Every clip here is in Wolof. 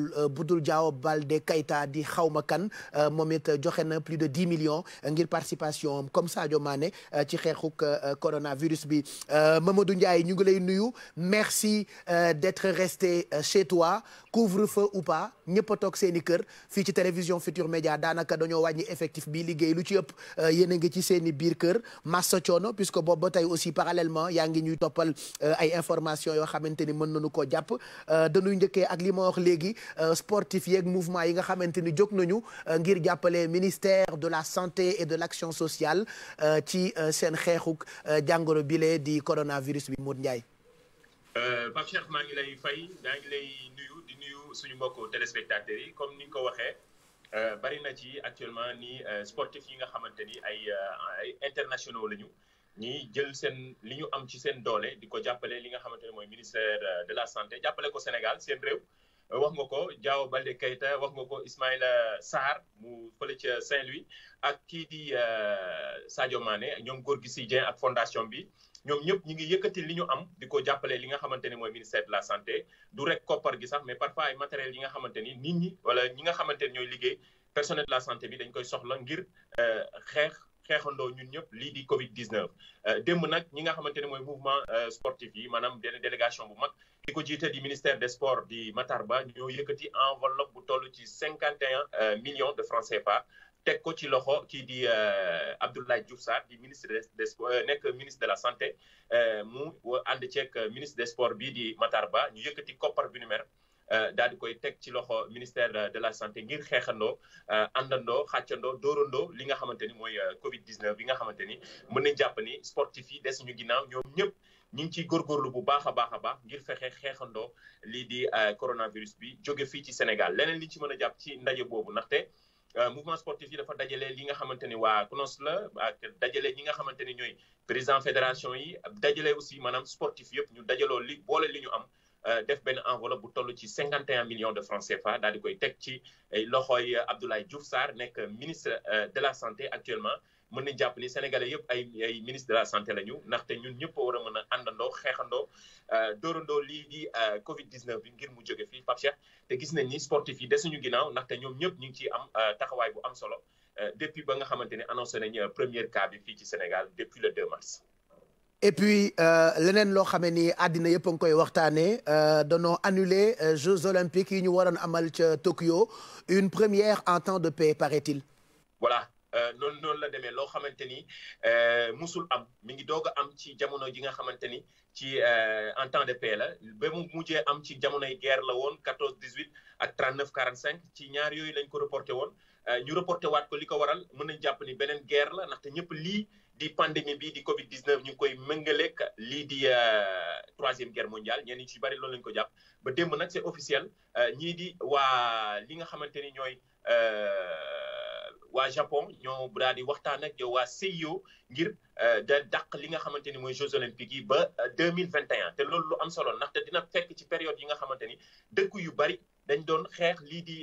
Euh, Budul Diao Baldé Keita di xawma kan euh, moom it joxe na plus de dix millions euh, ngir participation comme Sadio maane ci xeexuk coronavirus bi Mamadou Ndiaye ñu ngi lay nuyu merci d'être resté chez toi couvre-feu ou pas ñëpp a toog seen i kër fii ci télévision Futur Média daanaka dañoo wàññi effectif bi liggéey lu ci ëpp yéen a ngi ci seeni biir kër massa coono puisque boobu ba tey aussi parallèlement yaa ngi ñuy toppal ay information yoo xamante ni mën nañu koo jàpp dañuy njëkkee ak li ma wax léegi Euh, sportif yeeg mouvement yi nga xamante ni jóg nañu euh, ngir jàppale ministère de la santé et de l'action sociale euh, ci seen xeexuk jàngoro bile di coronavirus bi Modou Ndiaye. Pape Cheikh maa ngi lay fay maa ngi lay nuyu di nuyu suñu mbokku téléspectateurs yi comme ni nga ko waxee. bari na ci actuellement ni sportif yi nga xamante ni ay internationaux la ñu ñi jël seen li ñu am ci seen doole di ko jàppale li nga xamante ne mooy ministère de la santé jàppale ko Sénégal seen wax nga ko Diao Baldé Keita wax nga ko Ismaïla Sarr mu fële ca Saint-Louis ak kii di euh, Sadio Mané ñoom gi si Dieng ak fondation bi ñoom ñëpp ñu ngi yëkkati li ñu am di ko jàppale li nga xamante ne mooy ministère de la santé du rek koppar gi sax mais parfois ay matériel yi nga xamante ni nit ñi wala ñi nga xamante ni ñooy liggéey personnel de la santé bi dañ koy soxla ngir euh, xeex xeexandoo ñun ñëpp lii di Covid 19. Euh, démb nag ñi nga xamante ne mooy mouvement euh, sportif yi maanaam de délégation bu mag di ko jiite di ministère des sports di Matar Ba ñoo yëkkati en enveloppe bu toll ci cinquante et un euh, millions de francs CFA. teg ko ci loxo kii di Abdoulaye Diouf Sarr di ministre des sports nekk ministre de la santé mu ànd ceeg ministre des sports bi di Matar Ba ñu yëkkati koppar bi nu Euh, daal di koy teg ci loxo ministère euh, de la santé ngir xeexandoo euh, àndandoo xàccandoo dóorandoo li nga xamante ni mooy Covid 19 bi nga xamante ni mën nañ jàpp ni sportif yi des ñu ginnaaw ñoom ñëpp ñu ngi ciy góorgóorlu bu baax a baax a baax ngir fexe xeexandoo lii di coronavirus bi jóge fii ci Sénégal leneen li ci mën a jàpp ci ndaje boobu ndaxte. mouvement sportif yi dafa dajale li nga xamante ni waa CNOS la ak dajale ñi nga xamante ni ñooy président fédération yi dajale aussi maanaam sportif yëpp ñu dajaloo li boole li ñu am. Euh, def benn enveloppe bu toll ci 51 millions de francs CFA daal di koy teg ci eh, loxoy euh, Abdoulaye Diouf Sarr nekk euh, ministre de la santé actuellement mën nañ jàpp ni sénégalais yëpp ay ay ministre de la santé la ñu ndaxte ñun ñëpp war a mën a àndandoo xeexandoo dóorandoo lii di Covid 19 bi ngir mu jóge fii Pape Cheikh te gis nañ ni sportif yi desuñu ginnaaw ndaxte ñoom ñëpp ñu ngi ciy am taxawaay bu am solo depuis ba nga xamante ne annoncé nañ premier cas bi fii ci Sénégal depuis le 2 et puis euh, leneen loo xamee ni àddina yëpp a koy waxtaanee euh, danoo annulé euh, Jeux olympiques yi ñu waroon amal ca Tokyo une première en temps de paix paraît-il. voilà noonu noonu la demee loo xamante ni musul am mi ngi doog a am ci jamono ji nga xamante ni ci en temps de paix la ba mu mujjee am ci jamonoy guerre la woon 14 18 ak 39 45 ci ñaar yooyu lañ ko reporté woon ñu reporté waat ko li ko waral mën a jàpp ni beneen guerre la ndaxte ñëpp lii. di pandémie bi di Covid 19 ñu ngi koy méngaleeg lii di euh, troisième guerre mondiale ñenn ci bari loolu lañu ko jàpp ba démb nag c'est officiel euh, ñii di waa li nga xamante ni ñooy euh, waa Japon ñoo daal di waxtaan ak yow waa CIO ngir da dàq li nga xamante ni mooy Jeux olympiques yi ba deux mille vingt et un te loolu lu am solo ndaxte dina fekk ci période yi nga xamante ni dëkk yu bari dañ doon xeex lii di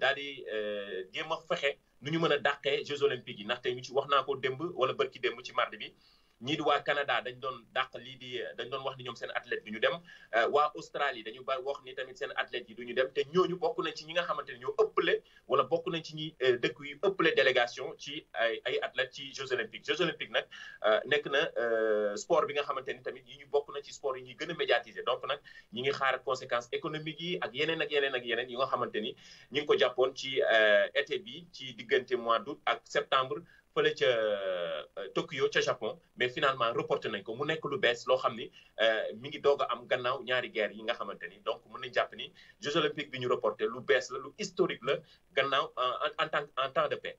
daal di jéem a fexe. nu ñu mën a dàqee Jeux olympiques yi ndaxte ñu ci wax naa ko démb wala bërki démb ci mardi bi ñii di waa Canada dañ doon dàq lii di dañ doon wax ni ñoom seen athlète du ñu dem euh, waa Australie dañu ba wax ni tamit seen athlètes yi du ñu dem te ñooñu bokk nañ ci ñi nga xamante ne ñoo ëppale wala bokk nañ ci ñi euh, dëkk yu ëppale délégation ci ay ay athlètes ci Jeux olympiques Jeux olympiques euh, nekk na sport bi nga xamante ni tamit yi ñu bokk na ci sport yi ñuy gën a médiatiser donc nag ñi ngi xaar conséquences économiques yi ak yeneen ak yeneen ak yeneen yi nga xamante ni ñi ngi ko jàppoon ci été bi ci diggante mois du ak septembre fële ca euh, Tokyo ca Japon mais finalement reporté nañ ko mu nekk lu bees loo xam ni euh, mi ngi doog am gannaaw ñaari guerre yi nga xamante ni donc mën nañ jàpp ni Jeux olympiques bi ñu reporté lu bees la lu historique la gannaaw en en tant en temps de paix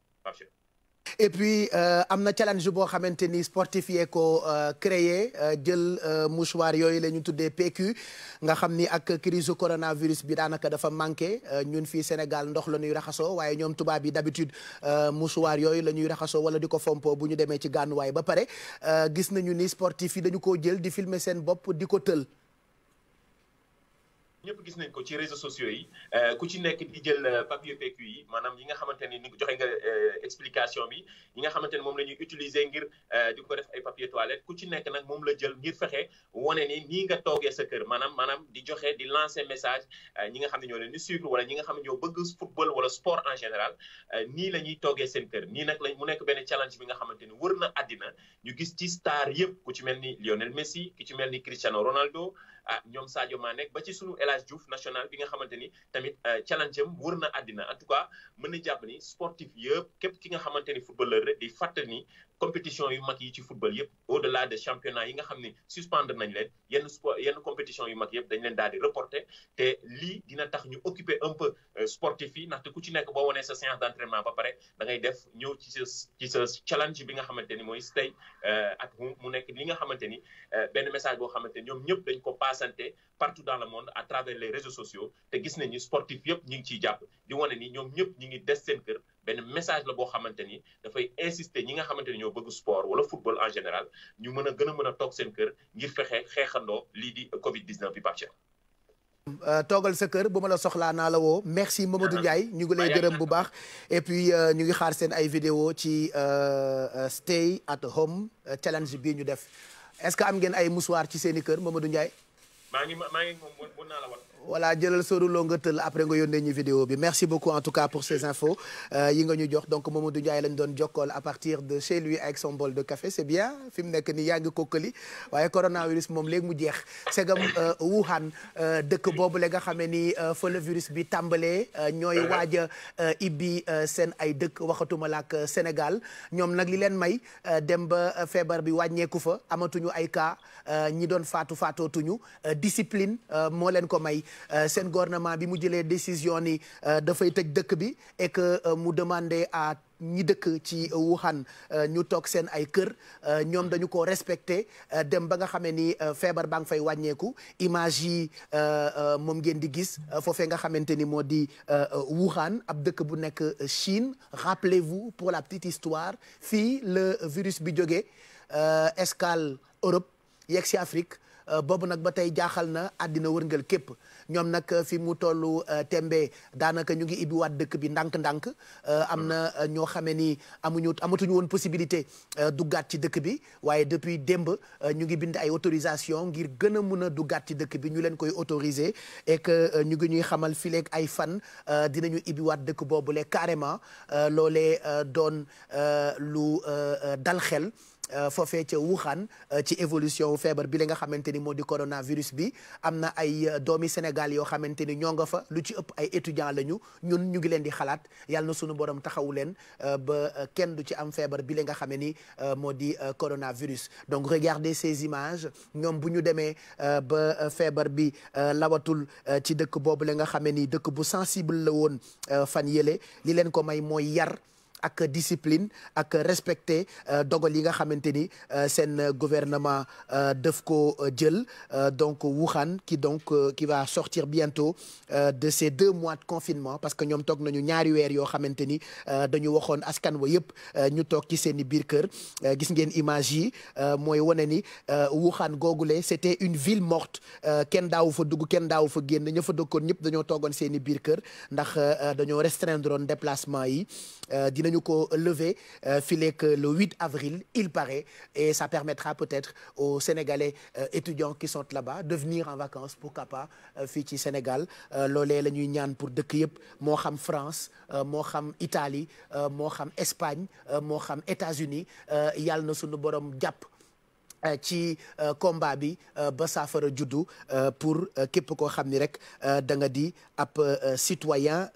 et puis euh, am na challenge boo xamante ni sportif yee ko euh, créé euh, jël mouchoir yooyu la ñu tuddee PQ nga xam ni ak crise coronavirus bi daanaka dafa manqué ñun fii Sénégal ndox la ñuy raxasoo waaye ñoom tubaab yi d'habitude mouchoir yooyu la ñuy raxasoo wala di ko fompo bu ñu demee ci gànnuwaay ba pare gis nañu ni sportif yi dañu ko jël di filmer seen bopp di ko tël ñëpp gis nañ ko ci réseaux sociaux yi euh, ku ci nekk di jël euh, papier PQ yi maanaam yi nga xamante ni ni joxe nga euh, explication bi yi nga xamante moom la ñuy utiliser ngir di ko def ay papier toilette ku ci nekk nag moom la jël ngir fexe wane ni nii nga toogee sa kër maanaam maanaam di joxe di lancer message ñi nga xam ne ñoo ne di suivre wala ñi nga xam ne ñoo bëgg football wala sport en général nii la ñuy toogee seen kër nii nag lañ mu nekk benn challenge bi nga xamante ni wër na àddina ñu gis ci star yëpp ku ci mel ni Lionel Messi ku ci mel ni Cristiano Ronaldo ah ñoom Sadio Mané nekk ba ci sunu El Hadj Diouf national bi nga xamante ni tamit euh, challenge am wër na àddina en tout cas mën na jàpp ni sportif yëpp képp ki nga xamante ni footballeur rek di fàttali ni compétition yu mag yi ci football yëpp au delà des championnats yi nga xam ni suspendre nañ leen yenn sport compétition yu mag yëpp dañ leen daal di reporter te lii dina tax ñu occuper un peu euh, sportif yi ndaxte ku ci nekk boo wonee sa séance d'entraînement ba pare da ngay def ñëw ci sa ci sa challenge bi nga xamante ni mooy stay euh, ak mu nekk li nga xamante ni euh, benn message boo xamante ni ñoom ñëpp dañ ko passante partout dans le monde à travers les réseaux sociaux te gis nañu sportif yëpp ñu ngi ciy jàpp di wane ñoom ñëpp ñu ngi des seen kër benn message la boo xamante ni dafay insister ñi nga xamante ni ñoo bëgg sport wala football en général ñu mën a gën a mën a toog seen kër ngir fexe xeexandoo lii di Covid 19 bi Pape Cheikh. Euh, toogal sa kër bu ma la soxlaa naa la woo merci Mamadou Ndiaye ñu ngi lay gërëm bu baax et puis euh, ñu ngi xaar seen ay vidéo ci euh, stay at home challenge bii ñu def est-ce que am ngeen ay mouchoir ci seen i kër Mamadou Ndiaye. maa ngi maa jëlal Sorou Lo nga après nga yónnee ñu vidéo bi merci beaucoup en tout cas pour ces infos euh, yi nga ñu jox donc Mamadou Ndiaye lañ doon jokkol à partir de chez lui avec son de café c'est bien fi mu nekk nii yaa ngi kokkali waaye coronavirus moom léegi mu jeex segam euh, Wuhan euh, dëkk boobu la nga xamee ni fa le virus bi tàmbalee ñooy uh-huh. waaj a ibbi seen ay dëkk waxatuma laak Sénégal ñoom nag li leen may dem ba feebar bi wàññeeku fa amatuñu ay ka ñi doon faatu faatootuñu discipline euh, moo leen ko may euh, seen gouvernement bi mu jëlee décision ni euh, dafay tëj dëkk bi et que mu demandé à ñi dëkk ci Wuhan ñu toog seen ay kër ñoom dañu ko respecté dem ba nga xamee ni feebar baa ngi fay wàññeeku image yi moom ngeen di gis foofee nga xamante ni moo di Wuhan ab dëkk bu nekk Chine rappelez-vous pour la petite histoire fii le virus bi jógee escale Europe yegg si Afrique Euh, boobu nag ba tey jaaxal na àddina wërngal képp ñoom nag euh, fi mu tollu euh, tembe daanaka ñu ngi ibbiwaat dëkk bi ndànk-ndànk am na ñoo xamee ni amuñu amatuñu woon possibilité du duggaat ci dëkk bi waaye depuis démb ñu ngi bind ay autorisation ngir gën a mun a duggaat ci dëkk bi ñu leen koy autoriser et que ñu ngi ñuy xamal fileeg ay fan dinañu ibbiwaat dëkk boobu boobule carrément loolee doon lu dal xel Euh, foofee ca Wuhan euh, ci évolution wu feebar bi li nga xamante ni moo di coronavirus bi am na ay euh, doomi Sénégal yoo xamante ni ñoo nga fa lu ci ëpp ay étudiants la ñu ñun ñu ngi leen di xalaat yàlla na sunu borom taxawu leen ba kenn du ci am feebar bi li nga xam ni moo di coronavirus. donc regardez ces images ñoom bu ñu demee ba feebar bi lawatul ci dëkk boobu la nga xam ni dëkk bu sensible la woon fan yéle li leen ko may mooy yar. ak discipline ak respecte euh, dogal yi nga xamante ni euh, seen gouvernement euh, def ko jël donc Wuhan ki donc qui va sortir bientôt de ces deux mois de confinement parce que ñoom toog nañu ñaari weer yoo xamante ni dañu waxoon askan wa yëpp ñu toog ci seen i biir kër gis ngeen image yi mooy wane ni Wuhan googule c'était une ville morte kenn daaw fa dugg kenn daaw fa génn ña fa dëkkoon ñëpp dañoo toogoon seeni biir kër ndax dañoo restreindre déplacement yi nañu ko lever euh, fileeg le 8 avril il paraît et ça permettra peut-être au Sénégalais euh, étudiants qui sont là ba de venir en vacances pourquoi pas euh, fii ci Sénégal loolee la ñuy ñaan pour dëkk yëpp moo xam France moo xam Italie moo xam Espagne moo xam États-Unis yàlla na sunu borom jàpp ci combat bi ba saafara juddu pour képp koo xam ni rek da di ab citoyen